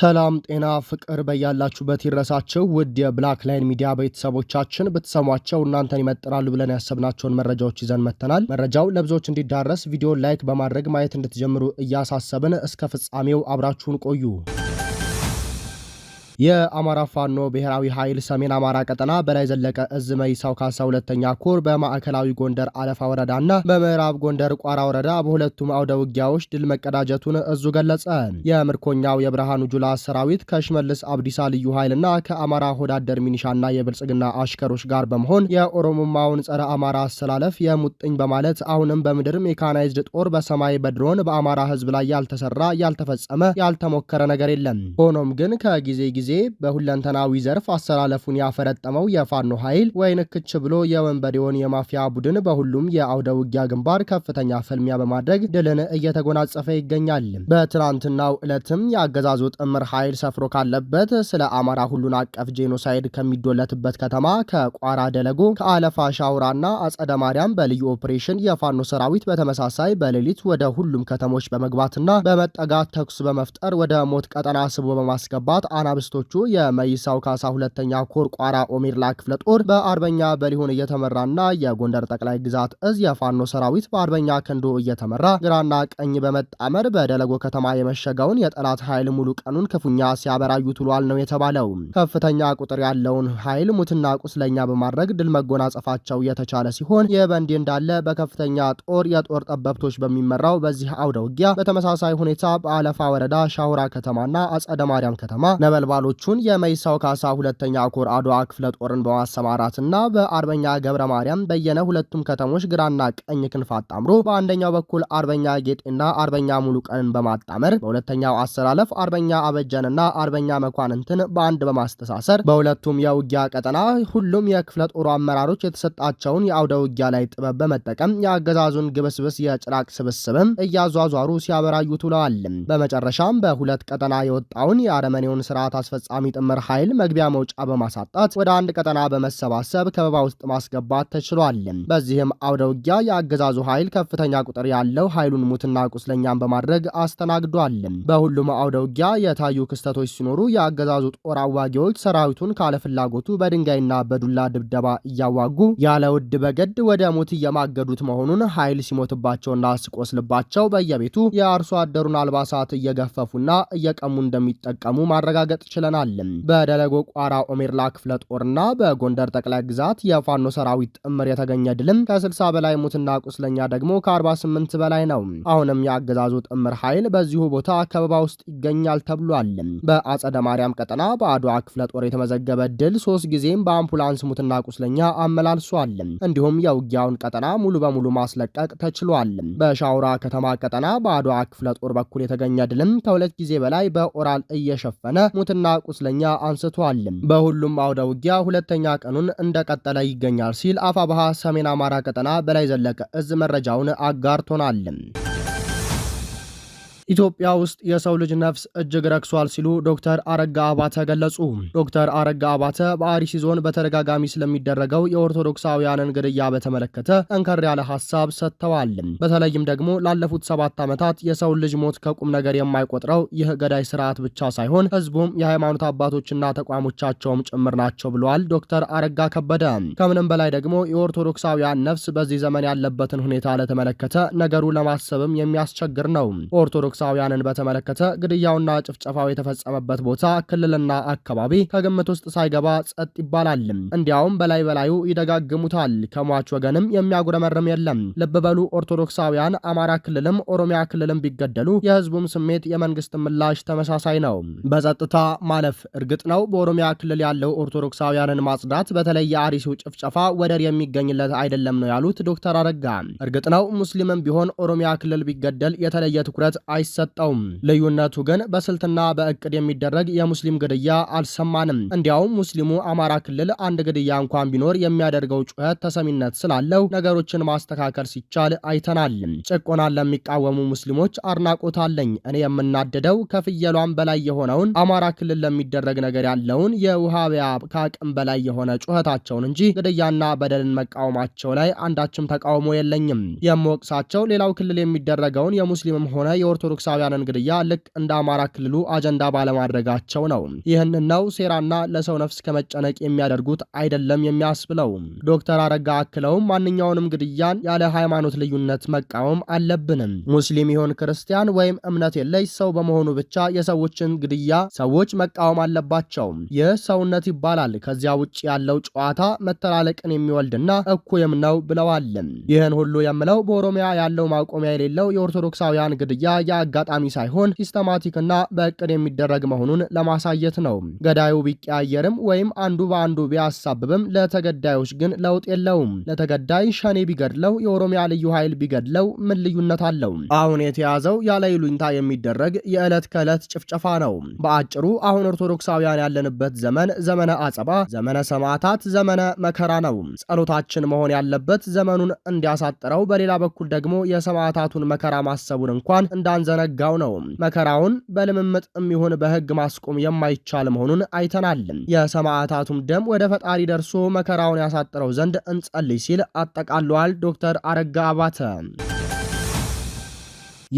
ሰላም ጤና ፍቅር በያላችሁበት ይረሳቸው ውድ የብላክ ላይን ሚዲያ ቤተሰቦቻችን ብትሰሟቸው እናንተን ይመጥራሉ ብለን ያሰብናቸውን መረጃዎች ይዘን መጥተናል። መረጃው ለብዙዎች እንዲዳረስ ቪዲዮን ላይክ በማድረግ ማየት እንድትጀምሩ እያሳሰብን እስከ ፍጻሜው አብራችሁን ቆዩ። የአማራ ፋኖ ብሔራዊ ኃይል ሰሜን አማራ ቀጠና በላይ ዘለቀ እዝ መይሳው ካሳ ሁለተኛ ኮር በማዕከላዊ ጎንደር አለፋ ወረዳና በምዕራብ ጎንደር ቋራ ወረዳ በሁለቱም አውደ ውጊያዎች ድል መቀዳጀቱን እዙ ገለጸ። የምርኮኛው የብርሃኑ ጁላ ሰራዊት ከሽመልስ አብዲሳ ልዩ ኃይልና ከአማራ ሆዳደር ሚኒሻና የብልጽግና አሽከሮች ጋር በመሆን የኦሮሞማውን ጸረ አማራ አሰላለፍ የሙጥኝ በማለት አሁንም በምድር ሜካናይዝድ ጦር በሰማይ በድሮን በአማራ ህዝብ ላይ ያልተሰራ ያልተፈጸመ ያልተሞከረ ነገር የለም። ሆኖም ግን ከጊዜ ጊዜ ጊዜ በሁለንተናዊ ዘርፍ አሰላለፉን ያፈረጠመው የፋኖ ኃይል ወይንክች ብሎ የወንበዴውን የማፊያ ቡድን በሁሉም የአውደ ውጊያ ግንባር ከፍተኛ ፍልሚያ በማድረግ ድልን እየተጎናጸፈ ይገኛል። በትናንትናው ዕለትም የአገዛዙ ጥምር ኃይል ሰፍሮ ካለበት ስለ አማራ ሁሉን አቀፍ ጄኖሳይድ ከሚዶለትበት ከተማ ከቋራ ደለጎ ከአለፋ ሻውራና አጸደ ማርያም በልዩ ኦፕሬሽን የፋኖ ሰራዊት በተመሳሳይ በሌሊት ወደ ሁሉም ከተሞች በመግባትና በመጠጋት ተኩስ በመፍጠር ወደ ሞት ቀጠና ስቦ በማስገባት አናብስቶ አናብስቶቹ የመይሳው ካሳ ሁለተኛ ኮር ቋራ ኦሜርላ ክፍለ ጦር በአርበኛ በሊሆን እየተመራና የጎንደር ጠቅላይ ግዛት እዝ የፋኖ ሰራዊት በአርበኛ ከንዶ እየተመራ ግራና ቀኝ በመጣመር በደለጎ ከተማ የመሸገውን የጠላት ኃይል ሙሉ ቀኑን ክፉኛ ሲያበራዩ ትሏል ነው የተባለው። ከፍተኛ ቁጥር ያለውን ኃይል ሙትና ቁስለኛ በማድረግ ድል መጎናጸፋቸው የተቻለ ሲሆን ይህ በእንዲህ እንዳለ በከፍተኛ ጦር የጦር ጠበብቶች በሚመራው በዚህ አውደ ውጊያ በተመሳሳይ ሁኔታ በአለፋ ወረዳ ሻውራ ከተማና አጸደ ማርያም ከተማ ነበልባሎ አመራሮቹን የመይሳው ካሳ ሁለተኛ ኮር አድዋ ክፍለ ጦርን በማሰማራትና በአርበኛ ገብረ ማርያም በየነ ሁለቱም ከተሞች ግራና ቀኝ ክንፍ አጣምሮ በአንደኛው በኩል አርበኛ ጌጤና አርበኛ ሙሉቀንን በማጣመር በሁለተኛው አሰላለፍ አርበኛ አበጀንና አርበኛ መኳንንትን በአንድ በማስተሳሰር በሁለቱም የውጊያ ቀጠና ሁሉም የክፍለ ጦሩ አመራሮች የተሰጣቸውን የአውደ ውጊያ ላይ ጥበብ በመጠቀም የአገዛዙን ግብስብስ የጭራቅ ስብስብም እያዟዟሩ ሲያበራዩ ውለዋል። በመጨረሻም በሁለት ቀጠና የወጣውን የአረመኔውን ስርዓት አስፈጻሚ ጥምር ኃይል መግቢያ መውጫ በማሳጣት ወደ አንድ ቀጠና በመሰባሰብ ከበባ ውስጥ ማስገባት ተችሏል። በዚህም አውደ ውጊያ የአገዛዙ ኃይል ከፍተኛ ቁጥር ያለው ኃይሉን ሙትና ቁስለኛን በማድረግ አስተናግዷል። በሁሉም አውደ ውጊያ የታዩ ክስተቶች ሲኖሩ የአገዛዙ ጦር አዋጊዎች ሰራዊቱን ካለፍላጎቱ በድንጋይና በዱላ ድብደባ እያዋጉ ያለ ውድ በገድ ወደ ሞት እየማገዱት መሆኑን ኃይል ሲሞትባቸውና ሲቆስልባቸው በየቤቱ የአርሶ አደሩን አልባሳት እየገፈፉና እየቀሙ እንደሚጠቀሙ ማረጋገጥ ችላል። ችለናል። በደለጎ ቋራ ኦሜርላ ክፍለ ጦርና በጎንደር ጠቅላይ ግዛት የፋኖ ሰራዊት ጥምር የተገኘ ድልም ከ60 በላይ ሙትና ቁስለኛ ደግሞ ከ48 በላይ ነው። አሁንም የአገዛዙ ጥምር ኃይል በዚሁ ቦታ ከበባ ውስጥ ይገኛል ተብሏል። በአጸደ ማርያም ቀጠና በአድዋ ክፍለ ጦር የተመዘገበ ድል ሶስት ጊዜም በአምቡላንስ ሙትና ቁስለኛ አመላልሷል። እንዲሁም የውጊያውን ቀጠና ሙሉ በሙሉ ማስለቀቅ ተችሏል። በሻውራ ከተማ ቀጠና በአድዋ ክፍለ ጦር በኩል የተገኘ ድልም ከሁለት ጊዜ በላይ በኦራል እየሸፈነ ሙትና ቁስለኛ አንስቷል። በሁሉም አውደ ውጊያ ሁለተኛ ቀኑን እንደቀጠለ ይገኛል ሲል አፋብሃ ሰሜን አማራ ቀጠና በላይ ዘለቀ እዝ መረጃውን አጋርቶናል። ኢትዮጵያ ውስጥ የሰው ልጅ ነፍስ እጅግ ረክሷል ሲሉ ዶክተር አረጋ አባተ ገለጹ። ዶክተር አረጋ አባተ በአርሲ ዞን በተደጋጋሚ ስለሚደረገው የኦርቶዶክሳውያንን ግድያ በተመለከተ ጠንከር ያለ ሀሳብ ሰጥተዋል። በተለይም ደግሞ ላለፉት ሰባት ዓመታት የሰውን ልጅ ሞት ከቁም ነገር የማይቆጥረው ይህ ገዳይ ስርዓት ብቻ ሳይሆን ህዝቡም የሃይማኖት አባቶችና ተቋሞቻቸውም ጭምር ናቸው ብለዋል ዶክተር አረጋ ከበደ። ከምንም በላይ ደግሞ የኦርቶዶክሳውያን ነፍስ በዚህ ዘመን ያለበትን ሁኔታ ለተመለከተ ነገሩ ለማሰብም የሚያስቸግር ነው። ኦርቶዶክስ ኦርቶዶክሳውያንን በተመለከተ ግድያውና ጭፍጨፋው የተፈጸመበት ቦታ ክልልና አካባቢ ከግምት ውስጥ ሳይገባ ጸጥ ይባላል። እንዲያውም በላይ በላዩ ይደጋግሙታል። ከሟች ወገንም የሚያጉረመርም የለም። ልብ በሉ ኦርቶዶክሳውያን፣ አማራ ክልልም ኦሮሚያ ክልልም ቢገደሉ የህዝቡም ስሜት የመንግስት ምላሽ ተመሳሳይ ነው፣ በጸጥታ ማለፍ። እርግጥ ነው በኦሮሚያ ክልል ያለው ኦርቶዶክሳውያንን ማጽዳት፣ በተለይ የአሪሲው ጭፍጨፋ ወደር የሚገኝለት አይደለም ነው ያሉት ዶክተር አረጋ። እርግጥ ነው ሙስሊምም ቢሆን ኦሮሚያ ክልል ቢገደል የተለየ ትኩረት አይ አይሰጠውም። ልዩነቱ ግን በስልትና በእቅድ የሚደረግ የሙስሊም ግድያ አልሰማንም። እንዲያውም ሙስሊሙ አማራ ክልል አንድ ግድያ እንኳን ቢኖር የሚያደርገው ጩኸት ተሰሚነት ስላለው ነገሮችን ማስተካከል ሲቻል አይተናል። ጭቆናን ለሚቃወሙ ሙስሊሞች አድናቆት አለኝ። እኔ የምናደደው ከፍየሏን በላይ የሆነውን አማራ ክልል ለሚደረግ ነገር ያለውን የውሃቢያ ከአቅም በላይ የሆነ ጩኸታቸውን እንጂ ግድያና በደልን መቃወማቸው ላይ አንዳችም ተቃውሞ የለኝም። የምወቅሳቸው ሌላው ክልል የሚደረገውን የሙስሊምም ሆነ የኦርቶ የኦርቶዶክሳውያንን ግድያ ልክ እንደ አማራ ክልሉ አጀንዳ ባለማድረጋቸው ነው። ይህን ነው ሴራና ለሰው ነፍስ ከመጨነቅ የሚያደርጉት አይደለም የሚያስብለው። ዶክተር አረጋ አክለውም ማንኛውንም ግድያን ያለ ሃይማኖት ልዩነት መቃወም አለብንም። ሙስሊም ይሆን ክርስቲያን ወይም እምነት የለሽ ሰው በመሆኑ ብቻ የሰዎችን ግድያ ሰዎች መቃወም አለባቸው። ይህ ሰውነት ይባላል። ከዚያ ውጭ ያለው ጨዋታ መተላለቅን የሚወልድና እኩይም ነው ብለዋል። ይህን ሁሉ የምለው በኦሮሚያ ያለው ማቆሚያ የሌለው የኦርቶዶክሳውያን ግድያ ያ አጋጣሚ ሳይሆን ሲስተማቲክና በእቅድ የሚደረግ መሆኑን ለማሳየት ነው። ገዳዩ ቢቀያየርም ወይም አንዱ በአንዱ ቢያሳብብም ለተገዳዮች ግን ለውጥ የለውም። ለተገዳይ ሸኔ ቢገድለው፣ የኦሮሚያ ልዩ ኃይል ቢገድለው ምን ልዩነት አለው? አሁን የተያዘው ያለ ይሉኝታ የሚደረግ የዕለት ከዕለት ጭፍጨፋ ነው። በአጭሩ አሁን ኦርቶዶክሳውያን ያለንበት ዘመን ዘመነ አጸባ፣ ዘመነ ሰማዕታት፣ ዘመነ መከራ ነው። ጸሎታችን መሆን ያለበት ዘመኑን እንዲያሳጥረው፣ በሌላ በኩል ደግሞ የሰማዕታቱን መከራ ማሰቡን እንኳን እንዳንዘ እየዘነጋው ነው። መከራውን በልምምጥ የሚሆን በህግ ማስቆም የማይቻል መሆኑን አይተናል። የሰማዕታቱም ደም ወደ ፈጣሪ ደርሶ መከራውን ያሳጥረው ዘንድ እንጸልይ ሲል አጠቃለዋል ዶክተር አረጋ አባተ።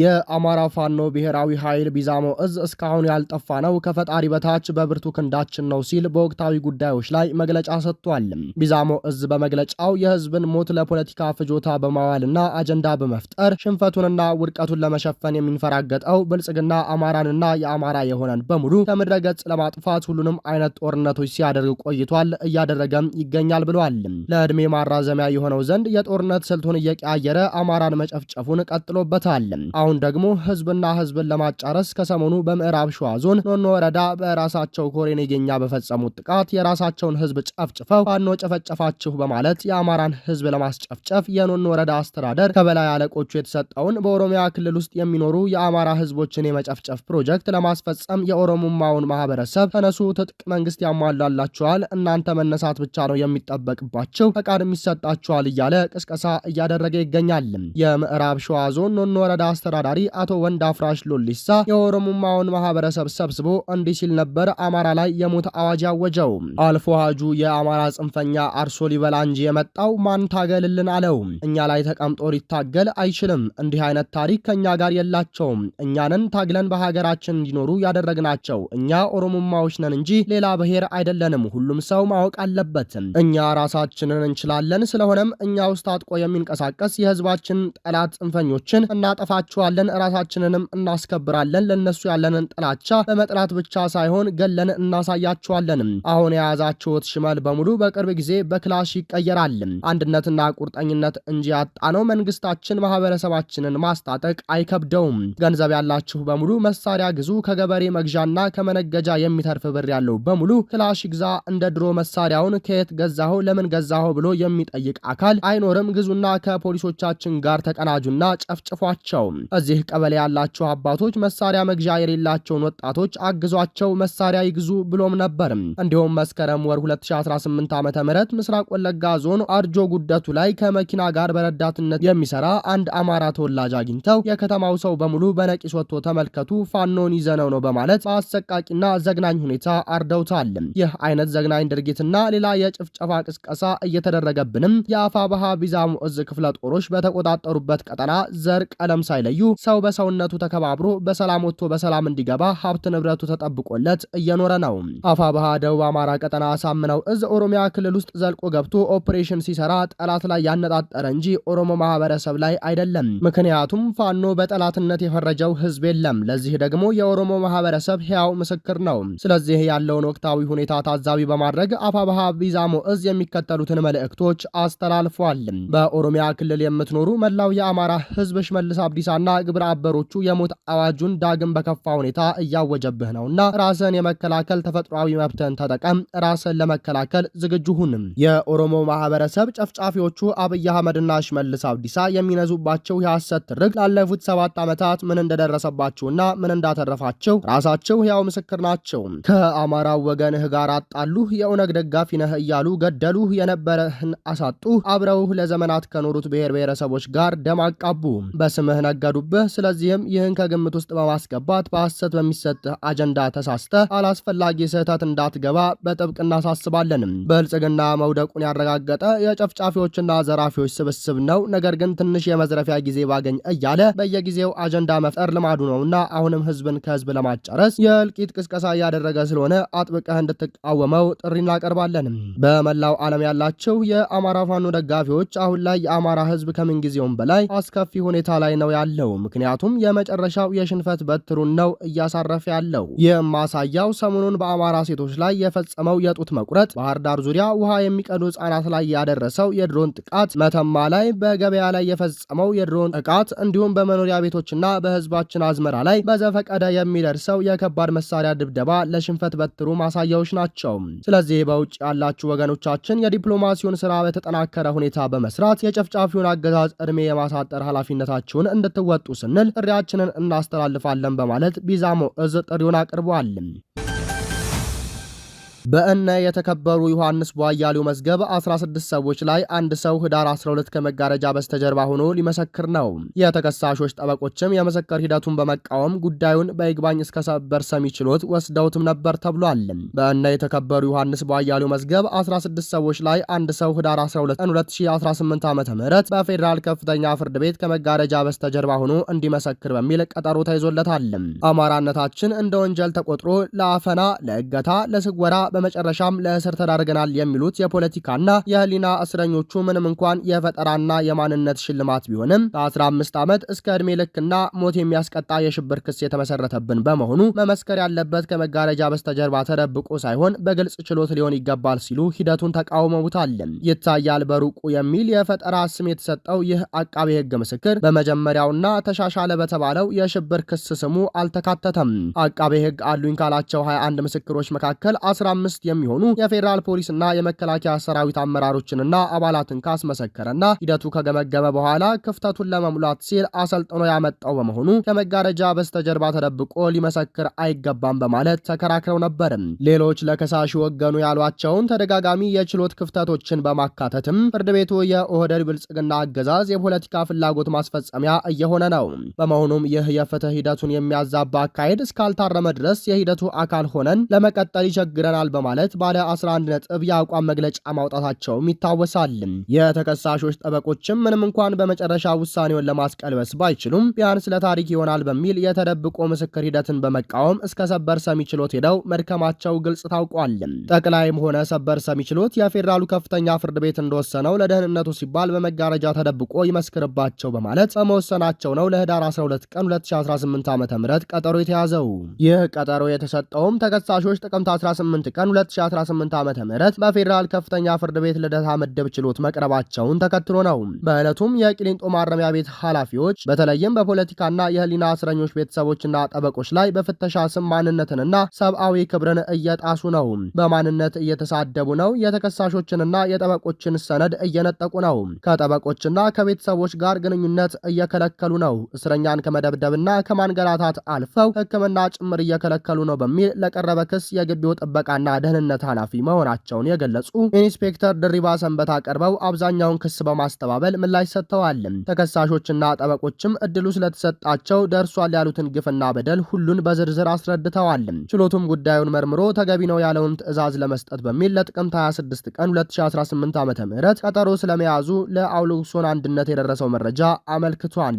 የአማራ ፋኖ ብሔራዊ ኃይል ቢዛሞ እዝ እስካሁን ያልጠፋ ነው፣ ከፈጣሪ በታች በብርቱ ክንዳችን ነው ሲል በወቅታዊ ጉዳዮች ላይ መግለጫ ሰጥቷል። ቢዛሞ እዝ በመግለጫው የህዝብን ሞት ለፖለቲካ ፍጆታ በማዋልና አጀንዳ በመፍጠር ሽንፈቱንና ውድቀቱን ለመሸፈን የሚንፈራገጠው ብልጽግና አማራንና የአማራ የሆነን በሙሉ ከምድረ ገጽ ለማጥፋት ሁሉንም አይነት ጦርነቶች ሲያደርግ ቆይቷል፣ እያደረገም ይገኛል ብለዋል። ለዕድሜ ማራዘሚያ የሆነው ዘንድ የጦርነት ስልቱን እየቀያየረ አማራን መጨፍጨፉን ቀጥሎበታል። አሁን ደግሞ ህዝብና ህዝብን ለማጫረስ ከሰሞኑ በምዕራብ ሸዋ ዞን ኖኖ ወረዳ በራሳቸው ኮሬን ነገኛ በፈጸሙት ጥቃት የራሳቸውን ህዝብ ጨፍጭፈው ፋኖ ጨፈጨፋችሁ በማለት የአማራን ህዝብ ለማስጨፍጨፍ የኖኖ ወረዳ አስተዳደር ከበላይ አለቆቹ የተሰጠውን በኦሮሚያ ክልል ውስጥ የሚኖሩ የአማራ ህዝቦችን የመጨፍጨፍ ፕሮጀክት ለማስፈጸም የኦሮሞማውን ማህበረሰብ ተነሱ፣ ትጥቅ መንግስት ያሟላላችኋል፣ እናንተ መነሳት ብቻ ነው የሚጠበቅባቸው ፈቃድም ይሰጣችኋል እያለ ቅስቀሳ እያደረገ ይገኛል። የምዕራብ ሸዋ ዞን ኖኖ ወረዳ አስተዳዳሪ አቶ ወንድ አፍራሽ ሎሊሳ የኦሮሞማውን ማህበረሰብ ሰብስቦ እንዲህ ሲል ነበር አማራ ላይ የሞት አዋጅ አወጀው። አልፎ ሀጁ የአማራ ጽንፈኛ አርሶ ሊበላ እንጂ የመጣው ማን ታገልልን አለው። እኛ ላይ ተቀምጦ ሊታገል አይችልም። እንዲህ አይነት ታሪክ ከእኛ ጋር የላቸውም። እኛንን ታግለን በሀገራችን እንዲኖሩ ያደረግናቸው እኛ ኦሮሞማዎች ነን እንጂ ሌላ ብሔር አይደለንም። ሁሉም ሰው ማወቅ አለበት። እኛ ራሳችንን እንችላለን። ስለሆነም እኛ ውስጥ አጥቆ የሚንቀሳቀስ የህዝባችን ጠላት ጽንፈኞችን እናጠፋቸዋል እናከብራቸዋለን፣ ራሳችንንም እናስከብራለን። ለነሱ ያለንን ጥላቻ በመጥላት ብቻ ሳይሆን ገለን እናሳያቸዋለን አሁን የያዛችሁት ሽመል በሙሉ በቅርብ ጊዜ በክላሽ ይቀየራል። አንድነትና ቁርጠኝነት እንጂ ያጣ ነው። መንግስታችን ማህበረሰባችንን ማስታጠቅ አይከብደውም። ገንዘብ ያላችሁ በሙሉ መሳሪያ ግዙ። ከገበሬ መግዣና ከመነገጃ የሚተርፍ ብር ያለው በሙሉ ክላሽ ግዛ። እንደ ድሮ መሳሪያውን ከየት ገዛኸው፣ ለምን ገዛኸው ብሎ የሚጠይቅ አካል አይኖርም። ግዙና ከፖሊሶቻችን ጋር ተቀናጁና ጨፍጭፏቸው። እዚህ ቀበሌ ያላቸው አባቶች መሳሪያ መግዣ የሌላቸውን ወጣቶች አግዟቸው መሳሪያ ይግዙ ብሎም ነበርም። እንዲሁም መስከረም ወር 2018 ዓ ም ምስራቅ ወለጋ ዞን አርጆ ጉደቱ ላይ ከመኪና ጋር በረዳትነት የሚሰራ አንድ አማራ ተወላጅ አግኝተው የከተማው ሰው በሙሉ በነቂስ ወጥቶ ተመልከቱ ፋኖን ይዘነው ነው በማለት በአሰቃቂና ዘግናኝ ሁኔታ አርደውታል። ይህ አይነት ዘግናኝ ድርጊትና ሌላ የጭፍጨፋ ቅስቀሳ እየተደረገብንም የአፋ ባሃ ቢዛሙ እዝ ክፍለ ጦሮች በተቆጣጠሩበት ቀጠና ዘር ቀለም ሳይለይ ሳይለዩ ሰው በሰውነቱ ተከባብሮ በሰላም ወጥቶ በሰላም እንዲገባ ሀብት ንብረቱ ተጠብቆለት እየኖረ ነው። አፋብሃ ደቡብ አማራ ቀጠና አሳምነው እዝ ኦሮሚያ ክልል ውስጥ ዘልቆ ገብቶ ኦፕሬሽን ሲሰራ ጠላት ላይ ያነጣጠረ እንጂ ኦሮሞ ማህበረሰብ ላይ አይደለም። ምክንያቱም ፋኖ በጠላትነት የፈረጀው ህዝብ የለም። ለዚህ ደግሞ የኦሮሞ ማህበረሰብ ሕያው ምስክር ነው። ስለዚህ ያለውን ወቅታዊ ሁኔታ ታዛቢ በማድረግ አፋብሃ ቢዛሞ እዝ የሚከተሉትን መልእክቶች አስተላልፏል። በኦሮሚያ ክልል የምትኖሩ መላው የአማራ ህዝብ ሽመልስ አብዲሳ ዋና ግብረ አበሮቹ የሞት አዋጁን ዳግም በከፋ ሁኔታ እያወጀብህ ነውና ራስን የመከላከል ተፈጥሯዊ መብትን ተጠቀም። ራስን ለመከላከል ዝግጁ ሁንም። የኦሮሞ ማህበረሰብ ጨፍጫፊዎቹ አብይ አህመድና ሽመልስ አብዲሳ የሚነዙባቸው የሐሰት ትርክ ላለፉት ሰባት ዓመታት ምን እንደደረሰባችሁና ምን እንዳተረፋቸው ራሳቸው ሕያው ምስክር ናቸው። ከአማራው ወገንህ ጋር አጣሉህ፣ የኦነግ ደጋፊ ነህ እያሉ ገደሉህ፣ የነበረህን አሳጡህ፣ አብረውህ ለዘመናት ከኖሩት ብሔር ብሔረሰቦች ጋር ደም አቃቡ፣ በስምህ ነገሩ ፈረዱብህ። ስለዚህም ይህን ከግምት ውስጥ በማስገባት በሐሰት በሚሰጥህ አጀንዳ ተሳስተህ አላስፈላጊ ስህተት እንዳትገባ በጥብቅ እናሳስባለንም። ብልጽግና መውደቁን ያረጋገጠ የጨፍጫፊዎችና ዘራፊዎች ስብስብ ነው፣ ነገር ግን ትንሽ የመዝረፊያ ጊዜ ባገኝ እያለ በየጊዜው አጀንዳ መፍጠር ልማዱ ነውና አሁንም ህዝብን ከህዝብ ለማጨረስ የእልቂት ቅስቀሳ እያደረገ ስለሆነ አጥብቀህ እንድትቃወመው ጥሪ እናቀርባለንም። በመላው ዓለም ያላችሁ የአማራ ፋኖ ደጋፊዎች አሁን ላይ የአማራ ህዝብ ከምንጊዜውም በላይ አስከፊ ሁኔታ ላይ ነው ያለው። ነው ምክንያቱም የመጨረሻው የሽንፈት በትሩን ነው እያሳረፈ ያለው። ይህም ማሳያው ሰሞኑን በአማራ ሴቶች ላይ የፈጸመው የጡት መቁረጥ፣ ባህር ዳር ዙሪያ ውሃ የሚቀዱ ህጻናት ላይ ያደረሰው የድሮን ጥቃት፣ መተማ ላይ በገበያ ላይ የፈጸመው የድሮን ጥቃት እንዲሁም በመኖሪያ ቤቶችና በህዝባችን አዝመራ ላይ በዘፈቀደ የሚደርሰው የከባድ መሳሪያ ድብደባ ለሽንፈት በትሩ ማሳያዎች ናቸው። ስለዚህ በውጭ ያላችሁ ወገኖቻችን የዲፕሎማሲውን ስራ በተጠናከረ ሁኔታ በመስራት የጨፍጫፊውን አገዛዝ እድሜ የማሳጠር ኃላፊነታችሁን እንድትወ ወጡ ስንል ጥሪያችንን እናስተላልፋለን በማለት ቢዛሞ እዝ ጥሪውን አቅርበዋል። በእነ የተከበሩ ዮሐንስ ቧያሌው መዝገብ 16 ሰዎች ላይ አንድ ሰው ህዳር 12 ከመጋረጃ በስተጀርባ ሆኖ ሊመሰክር ነው። የተከሳሾች ጠበቆችም የመሰከር ሂደቱን በመቃወም ጉዳዩን በይግባኝ እስከ ሰበር ሰሚ ችሎት ወስደውትም ነበር ተብሏል። በእነ የተከበሩ ዮሐንስ ቧያሌው መዝገብ 16 ሰዎች ላይ አንድ ሰው ህዳር 12 ቀን 2018 ዓ ም በፌዴራል ከፍተኛ ፍርድ ቤት ከመጋረጃ በስተጀርባ ሆኖ እንዲመሰክር በሚል ቀጠሮ ተይዞለታል። አማራነታችን እንደ ወንጀል ተቆጥሮ ለአፈና፣ ለእገታ፣ ለስወራ በመጨረሻም ለእስር ተዳርገናል የሚሉት የፖለቲካና የህሊና እስረኞቹ ምንም እንኳን የፈጠራና የማንነት ሽልማት ቢሆንም ከ15 ዓመት እስከ ዕድሜ ልክና ሞት የሚያስቀጣ የሽብር ክስ የተመሰረተብን በመሆኑ መመስከር ያለበት ከመጋረጃ በስተጀርባ ተደብቆ ሳይሆን በግልጽ ችሎት ሊሆን ይገባል ሲሉ ሂደቱን ተቃውመውታል። ይታያል በሩቁ የሚል የፈጠራ ስም የተሰጠው ይህ አቃቤ ህግ ምስክር በመጀመሪያውና ተሻሻለ በተባለው የሽብር ክስ ስሙ አልተካተተም። አቃቤ ህግ አሉኝ ካላቸው 21 ምስክሮች መካከል 15 አምስት የሚሆኑ የፌዴራል ፖሊስና የመከላከያ ሰራዊት አመራሮችንና አባላትን ካስመሰከረና ሂደቱ ከገመገመ በኋላ ክፍተቱን ለመሙላት ሲል አሰልጥኖ ያመጣው በመሆኑ ከመጋረጃ በስተጀርባ ተደብቆ ሊመሰክር አይገባም በማለት ተከራክረው ነበርም። ሌሎች ለከሳሽ ወገኑ ያሏቸውን ተደጋጋሚ የችሎት ክፍተቶችን በማካተትም ፍርድ ቤቱ የኦህደድ ብልጽግና አገዛዝ የፖለቲካ ፍላጎት ማስፈጸሚያ እየሆነ ነው። በመሆኑም ይህ የፍትህ ሂደቱን የሚያዛባ አካሄድ እስካልታረመ ድረስ የሂደቱ አካል ሆነን ለመቀጠል ይቸግረናል በማለት ባለ 11 ነጥብ የአቋም መግለጫ ማውጣታቸውም ይታወሳል። የተከሳሾች ጠበቆችም ምንም እንኳን በመጨረሻ ውሳኔውን ለማስቀልበስ ባይችሉም ቢያንስ ለታሪክ ይሆናል በሚል የተደብቆ ምስክር ሂደትን በመቃወም እስከ ሰበር ሰሚ ችሎት ሄደው መድከማቸው ግልጽ ታውቋል። ጠቅላይም ሆነ ሰበር ሰሚ ችሎት የፌዴራሉ ከፍተኛ ፍርድ ቤት እንደወሰነው ለደህንነቱ ሲባል በመጋረጃ ተደብቆ ይመስክርባቸው በማለት በመወሰናቸው ነው ለህዳር 12 ቀን 2018 ዓ ም ቀጠሮ የተያዘው። ይህ ቀጠሮ የተሰጠውም ተከሳሾች ጥቅምት 18 ቀን ቀን 2018 ዓ ም በፌዴራል ከፍተኛ ፍርድ ቤት ልደታ ምድብ ችሎት መቅረባቸውን ተከትሎ ነው። በዕለቱም የቅሊንጦ ማረሚያ ቤት ኃላፊዎች በተለይም በፖለቲካና የህሊና እስረኞች ቤተሰቦችና ጠበቆች ላይ በፍተሻ ስም ማንነትንና ሰብአዊ ክብርን እየጣሱ ነው፣ በማንነት እየተሳደቡ ነው፣ የተከሳሾችንና የጠበቆችን ሰነድ እየነጠቁ ነው፣ ከጠበቆችና ከቤተሰቦች ጋር ግንኙነት እየከለከሉ ነው፣ እስረኛን ከመደብደብና ከማንገላታት አልፈው ሕክምና ጭምር እየከለከሉ ነው በሚል ለቀረበ ክስ የግቢው ጥበቃና ደህንነት ኃላፊ መሆናቸውን የገለጹ ኢንስፔክተር ድሪባ ሰንበታ ቀርበው አብዛኛውን ክስ በማስተባበል ምላሽ ሰጥተዋል። ተከሳሾችና ጠበቆችም እድሉ ስለተሰጣቸው ደርሷል ያሉትን ግፍና በደል ሁሉን በዝርዝር አስረድተዋል። ችሎቱም ጉዳዩን መርምሮ ተገቢ ነው ያለውን ትዕዛዝ ለመስጠት በሚል ለጥቅምት 26 ቀን 2018 ዓ ም ቀጠሮ ስለመያዙ ለአውሎሶን አንድነት የደረሰው መረጃ አመልክቷል።